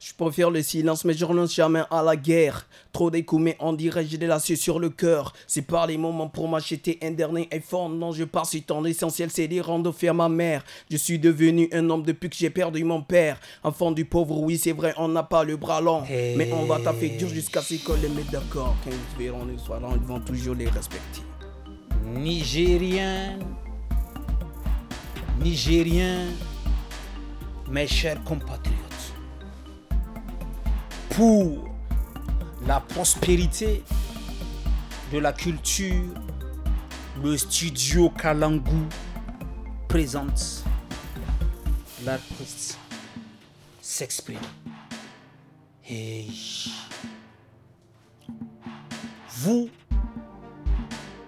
Je préfère le silence, mais je renonce jamais à la guerre. Trop mais on dirait j'ai la lacets sur le cœur. C'est pas les moments pour m'acheter un dernier effort. Non, je pars sur ton essentiel, c'est les rendre faire ma mère. Je suis devenu un homme depuis que j'ai perdu mon père. Enfant du pauvre, oui, c'est vrai, on n'a pas le bras long. Mais on va taper dur jusqu'à ce qu'on les mette d'accord. Quand ils verront les soirs, ils vont toujours les respecter. Nigérien, Nigérien, mes chers compatriotes pour la prospérité de la culture, le studio Kalangu présente l'artiste s'exprime. Et Vous,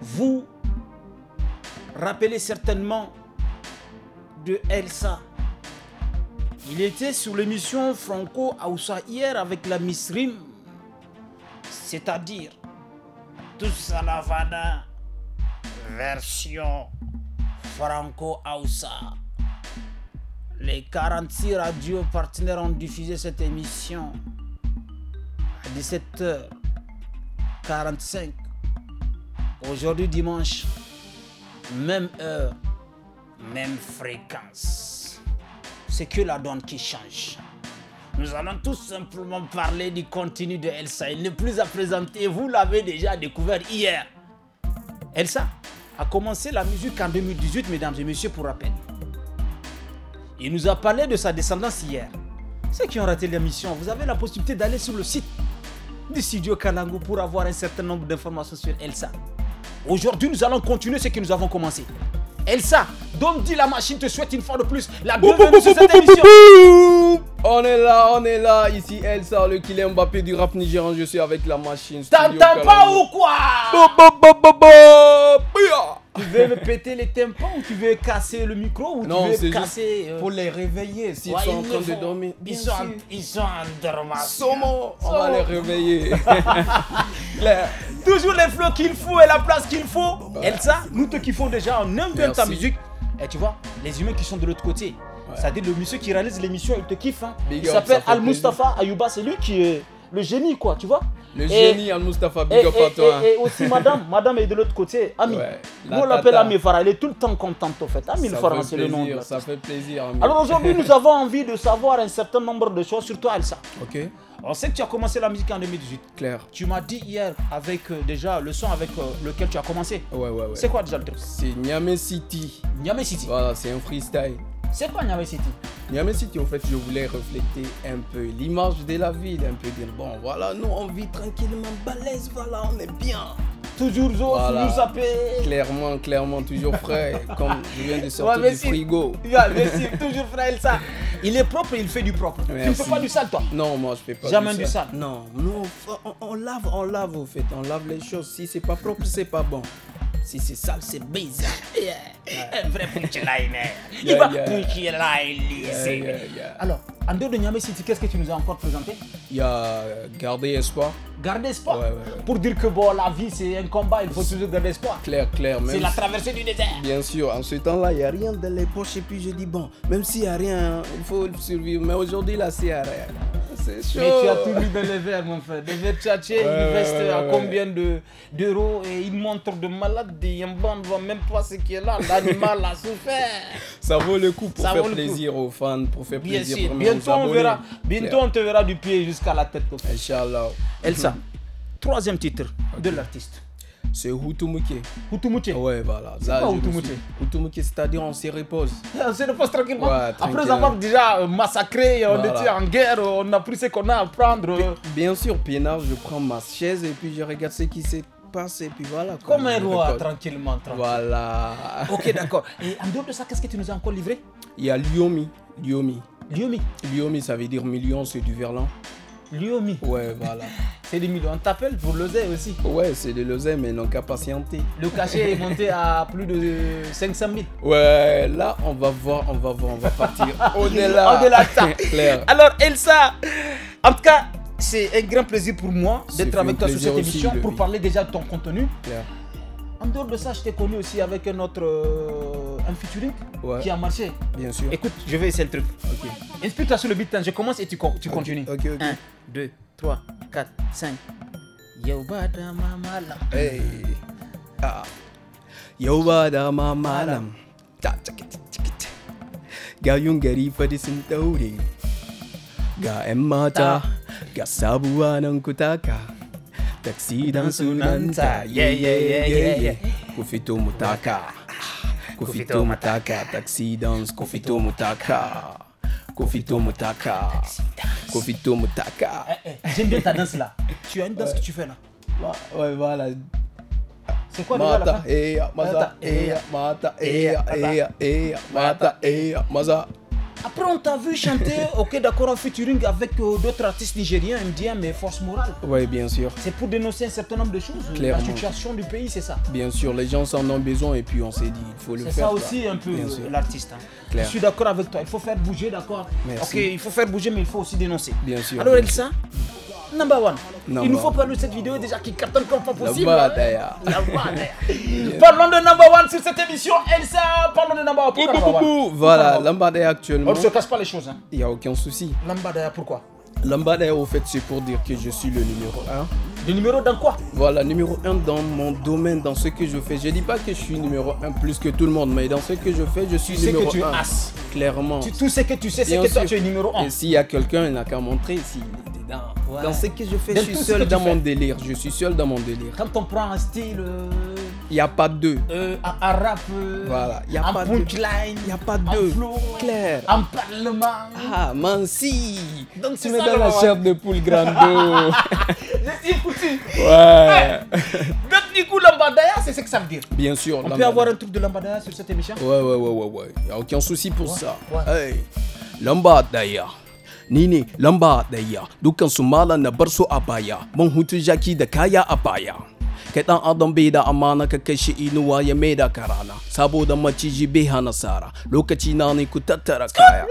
vous rappelez certainement de Elsa. Il était sur l'émission Franco Aoussa hier avec la Miss RIM, C'est-à-dire, tout version Franco Aoussa. Les 46 radios partenaires ont diffusé cette émission à 17h45. Aujourd'hui dimanche, même heure, même fréquence c'est que la donne qui change. Nous allons tout simplement parler du contenu de Elsa. Il n'est plus à présenter, vous l'avez déjà découvert hier. Elsa a commencé la musique en 2018, mesdames et messieurs, pour rappel. Il nous a parlé de sa descendance hier. Ceux qui ont raté l'émission, vous avez la possibilité d'aller sur le site du studio Kalango pour avoir un certain nombre d'informations sur Elsa. Aujourd'hui, nous allons continuer ce que nous avons commencé. Elsa donc dit la machine te souhaite une fois de plus la bienvenue sur cette émission. On est là, on est là. Ici Elsa, le Kylian Mbappé du rap nigérian. Je suis avec la machine. T'entends pas ou quoi Tu veux me péter les tympans ou tu veux casser le micro ou non, tu veux casser juste euh, pour les réveiller s'ils sont en train de dormir Ils sont, ils sont en on va les réveiller. Toujours les flots qu'il faut et la place qu'il faut. Elsa, nous te kiffons déjà. en aime de ta musique. Et tu vois, les humains qui sont de l'autre côté. C'est-à-dire le monsieur qui réalise l'émission, il te kiffe. Hein. Il s'appelle Al Mustafa Ayouba, c'est lui qui est le génie, quoi, tu vois. Le génie, Al-Mustafa, big et, toi. Et, aussi, madame, madame est de l'autre côté, Ami. Moi, on l'appelle Ami Farah, elle est tout le temps contente, en fait. Ami Farah, c'est le nom. ça fait plaisir, Ami. Alors aujourd'hui, nous avons envie de savoir un certain nombre de choses, sur toi Elsa. Ok. On sait que tu as commencé la musique en 2018. Claire. Tu m'as dit hier avec euh, déjà le son avec euh, lequel tu as commencé. Ouais, ouais, ouais. C'est quoi déjà le truc C'est Niamey City. Niamey City. Voilà, c'est un freestyle. C'est quoi Niamey City Niamey City, en fait, je voulais refléter un peu l'image de la ville, un peu dire bon, voilà, nous on vit tranquillement, balèze, voilà, on est bien. Toujours jour, nous toujours sapé. Clairement, clairement, toujours frais, comme je viens de sortir du frigo. mais toujours frais, ça. Il est propre, il fait du propre. Tu ne fais pas du sale, toi Non, moi, je ne fais pas Jamais du sale. Du sale. Non, nous, on, lave, on lave, au fait, on lave les choses. Si c'est pas propre, c'est pas bon c'est sale, c'est bizarre. Un vrai punchline. Il va Alors, en dehors de Niamey City, qu'est-ce que tu nous as encore présenté Il y a euh, garder espoir. Garder espoir Pour dire que bon, la vie c'est un combat, il faut toujours garder espoir. Claire, clair. C'est la traversée du désert. Bien sûr, en ce temps-là, il n'y a rien dans les poches et puis je dis bon, même s'il n'y a rien, il faut survivre. Mais aujourd'hui, là, c'est rien. Mais tu as tout mis dans les verres, mon frère. Les verres tchatchés, ouais, ils restent à combien d'euros et ils montrent de malade des ne voit même pas ce qui est là. L'animal a souffert. Ça vaut le coup pour faire plaisir aux fans, pour faire plaisir sûr. Bientôt, on verra, bientôt on te verra du pied jusqu'à la tête. Inch'Allah. Elsa, troisième titre de l'artiste. C'est Hutumuke. Hutumuke Ouais, voilà. C'est Hutumuke Hutumuke, c'est-à-dire on se repose. On se repose tranquillement. Après Après avoir déjà euh, massacré, euh, on était en guerre, euh, on a pris ce qu'on a à prendre. Bien sûr, Pienard, je prends ma chaise et puis je regarde ce qui s'est passé. Et puis voilà. Comme un roi, tranquillement, tranquillement. Voilà. ok, d'accord. Et en dehors de ça, qu'est-ce que tu nous as encore livré Il y a Lyomi. Lyomi. Liomi, ça veut dire million, c'est du verlan. Lyomi. Ouais, voilà. C'est des millions. On t'appelle pour l'oseille aussi. Ouais, c'est de l'oseille, mais non qu'à patienter. Le cachet est monté à plus de 500 000. Ouais, là, on va voir, on va voir, on va partir au-delà. Au-delà Claire. Alors, Elsa, en tout cas, c'est un grand plaisir pour moi d'être avec toi sur cette émission pour parler déjà de ton contenu. En dehors de ça, je t'ai connu aussi avec un autre euh, en featuring qui a marché. Bien sûr. Écoute, je vais essayer le truc. Ok. Inspire-toi sur le beat, hein. je commence et tu, tu continues. Ok, ok. 1, 2, 3, 4, 5. Yo bada malam Hey. Ah. Yo bada Ta ta ta ta. Gayun fadisin tauri. Ga 'yan ga Taxi dans yeah yeah yeah yeah yeah. mutaka. Kofito Mutaka, taxi dance, Kofito Mutaka. Kofito Mutaka. Kofito Mutaka. J'aime bien ta danse là. Tu as une danse que tu fais là. Ouais, voilà. C'est quoi Mata, déjà Mata, ah, bah. Eya, Mata, Eya, Mata, Mata, Maza. Après, on t'a vu chanter, ok, d'accord, en featuring avec euh, d'autres artistes nigériens, MDM mais Force Morale. Oui, bien sûr. C'est pour dénoncer un certain nombre de choses. La situation du pays, c'est ça. Bien sûr, les gens s'en ont besoin et puis on s'est dit, il faut le faire. C'est ça aussi un peu l'artiste. Hein. Je suis d'accord avec toi, il faut faire bouger, d'accord. Ok, il faut faire bouger, mais il faut aussi dénoncer. Bien sûr. Alors, Elsa, number one. Il nous faut parler de cette vidéo déjà qui cartonne comme pas possible. Number, yeah. Parlons de number one sur cette émission, Elsa. Parlons de number one. Voilà, Lambadaya actuellement. On ne se casse pas les choses. Hein. Il n'y a aucun souci. Lambadaya, pourquoi Lambadaya, au fait, c'est pour dire que je suis le numéro 1. Le numéro dans quoi Voilà, numéro 1 dans mon domaine, dans ce que je fais. Je dis pas que je suis numéro 1 plus que tout le monde, mais dans ce que je fais, je suis tu sais que tu As. Clairement. Tu, tout ce que tu sais, c'est que toi, tu es numéro 1. Et s'il y a quelqu'un, il n'a qu'à montrer. Si, dans ce que je fais, je suis seul dans mon délire. Je suis seul dans mon délire. Quand on prend un style. Euh, il n'y a pas deux. Euh, un, rap. Euh, voilà. Y a un pas punchline. Il n'y a pas deux. Flow, Clair. Un parlement. Ah, Mansi. Donc tu mets dans la chair de poule grande. je suis foutu. Ouais. Donc du coup, c'est ce que ça veut dire. Bien sûr. On peut avoir un truc de lambadaya sur cette émission Ouais, ouais, ouais, ouais. ouais. Il n'y a aucun souci pour ça. Ouais. Hey. Lambadaya. ni ne lamba ɗaya dukansu malam na bar su a baya mun hutun jaki da kaya a baya kai dan adam bai da amana ka shi inuwa ya maida ka rana saboda maciji bai hana sara lokaci na ne ku tattara kaya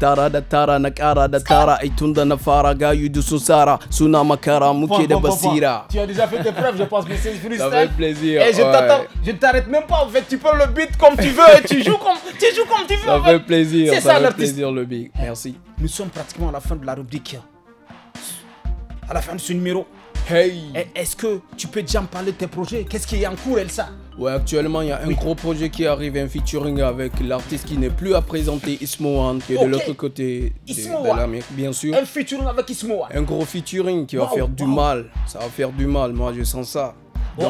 tara da tara na kara da tara ai na fara gayu da su sara suna makara muke da basira tu as déjà fait des preuves je pense mais c'est freestyle avec plaisir et je t'attends je t'arrête même pas en fait tu peux le beat comme tu veux et tu joues comme tu joues comme tu veux ça fait plaisir c'est ça, plaisir le beat merci nous sommes pratiquement à la fin de la rubrique à la fin de ce numéro Hey Est-ce que tu peux déjà me parler de tes projets Qu'est-ce qui est en cours, Elsa Ouais, actuellement, il y a un gros projet qui arrive, un featuring avec l'artiste qui n'est plus à présenter, Ismoan, qui est de l'autre côté de, de l'Amérique, bien sûr. Un featuring avec Ismoan. Un gros featuring qui va faire du mal. Ça va faire du mal, moi, je sens ça. Ah,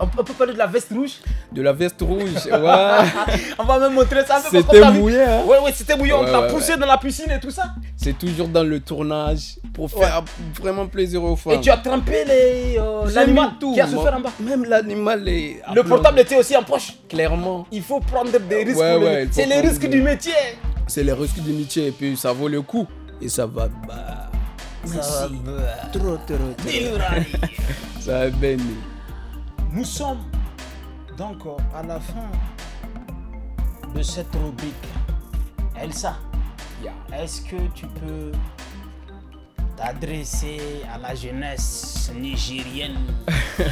on, peut, parler de la veste rouge De la veste rouge, ouais. on va même montrer ça. C'était mouillé, hein Ouais, ouais, c'était mouillé. on t'a poussé dans la piscine et tout ça. C'est toujours dans le tournage pour faire vraiment plaisir aux femmes. Et tu as trempé euh, l'animal tout. qui a souffert en bas. Même l'animal Le portable était aussi en poche. Clairement. Il faut prendre des risques. C'est les risques du métier. C'est les risques du métier et puis ça vaut le coup. Et ça va. Bah, trop, trop, Ça va béni. Nous sommes donc à la fin de cette rubrique. Elsa, est-ce que tu peux t'adresser à la jeunesse nigérienne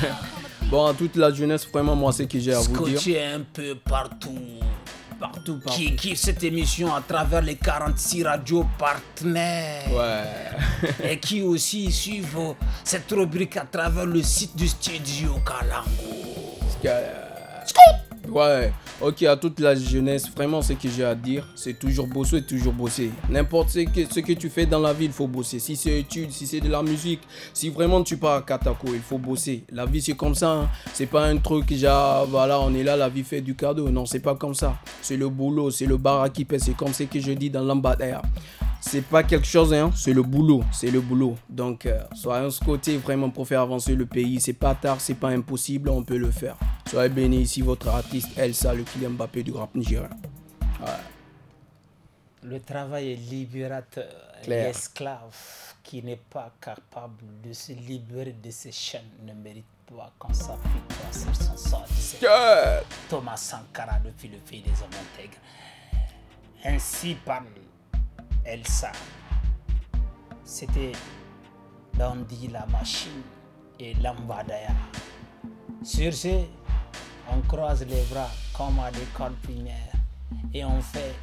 Bon, à toute la jeunesse, vraiment, moi, ce que j'ai à vous dire. un peu partout. Qui kiffe cette émission à travers les 46 radios partenaires. et qui aussi suivent cette rubrique à travers le site du studio Kalango. Ouais. Ok, à toute la jeunesse, vraiment ce que j'ai à dire, c'est toujours bosser, toujours bosser. N'importe ce que, tu fais dans la vie, il faut bosser. Si c'est études, si c'est de la musique, si vraiment tu pars à Katako, il faut bosser. La vie c'est comme ça, hein. c'est pas un truc genre, ah, voilà, on est là, la vie fait du cadeau. Non, c'est pas comme ça. C'est le boulot, c'est le bar qui pèse, c'est comme ce que je dis dans l'ambassadeur. c'est pas quelque chose, hein, c'est le boulot, c'est le boulot. Donc, euh, soyons ce côté vraiment pour faire avancer le pays. C'est pas tard, c'est pas impossible, on peut le faire. Soyez béni ici, votre artiste Elsa, le Kylian Mbappé du rap Niger. Le travail est libérateur. L'esclave qui n'est pas capable de se libérer de ses chaînes ne mérite pas qu'on s'appuie sur son sort, Thomas Sankara depuis le pays des hommes intègres. Ainsi parle Elsa. C'était Dandy la machine et Lambadaya. Sur ce, croise les bras comme à des cordes primaires et on fait